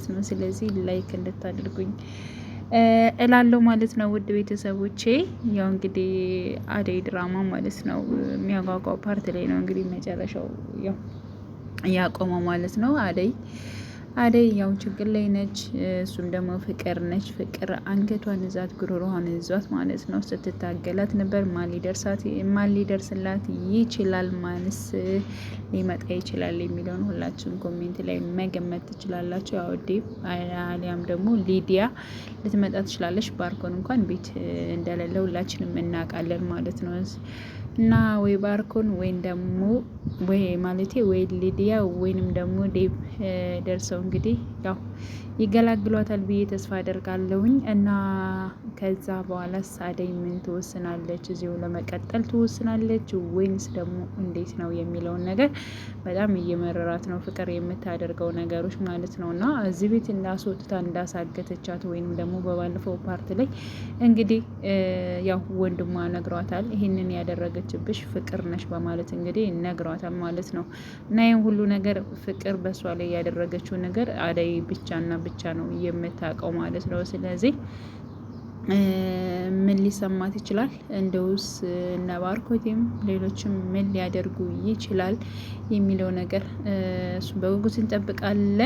ማለት ነው። ስለዚህ ላይክ እንድታደርጉኝ እላለሁ ማለት ነው። ውድ ቤተሰቦቼ ያው እንግዲህ አደይ ድራማ ማለት ነው የሚያጓጓው ፓርት ላይ ነው እንግዲህ መጨረሻው ያው ያቆመው ማለት ነው አደይ አደይ ያው ችግር ላይ ነች። እሱም ደግሞ ፍቅር ነች። ፍቅር አንገቷን እዛት ጉሮሮሃን እዛት ማለት ነው ስትታገላት ነበር። ማን ሊደርስላት ይችላል፣ ማንስ ሊመጣ ይችላል የሚለውን ሁላችሁም ኮሜንት ላይ መገመት ትችላላችሁ። ያው ዴቭ አሊያም ደግሞ ሊዲያ ልትመጣ ትችላለች። ባርኮን እንኳን ቤት እንደሌለ ሁላችንም እናውቃለን ማለት ነው እና ወይ ባርኮን ወይም ደግሞ ወይ ማለቴ ወይ ሊዲያ ወይንም ደግሞ ዴብ ደርሰው እንግዲህ ያው ይገላግሏታል ብዬ ተስፋ አደርጋለሁኝ። እና ከዛ በኋላ አደይ ምን ትወስናለች? እዚሁ ለመቀጠል ትወስናለች ወይንስ ደግሞ እንዴት ነው የሚለውን ነገር በጣም እየመረራት ነው፣ ፍቅር የምታደርገው ነገሮች ማለት ነው። እና እዚህ ቤት እንዳስወጥታ እንዳሳገተቻት ወይንም ደግሞ በባለፈው ፓርት ላይ እንግዲህ ያው ወንድሟ ነግሯታል፣ ይህንን ያደረገችብሽ ፍቅር ነሽ በማለት እንግዲህ ነግሯታል። ይላታል ማለት ነው። እና ይህን ሁሉ ነገር ፍቅር በሷ ላይ ያደረገችው ነገር አደይ ብቻና ብቻ ነው የምታውቀው ማለት ነው። ስለዚህ ምን ሊሰማት ይችላል? እንደውስ እነ ባርኮቴም ሌሎችም ምን ሊያደርጉ ይችላል የሚለው ነገር እሱ በጉጉት እንጠብቃለን።